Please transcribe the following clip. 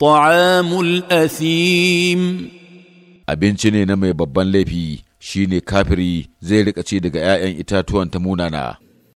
طعام الأثيم abinci ne na mai babban laifi shine kafiri zai rika ci daga 'ya'yan itatuwan ta munana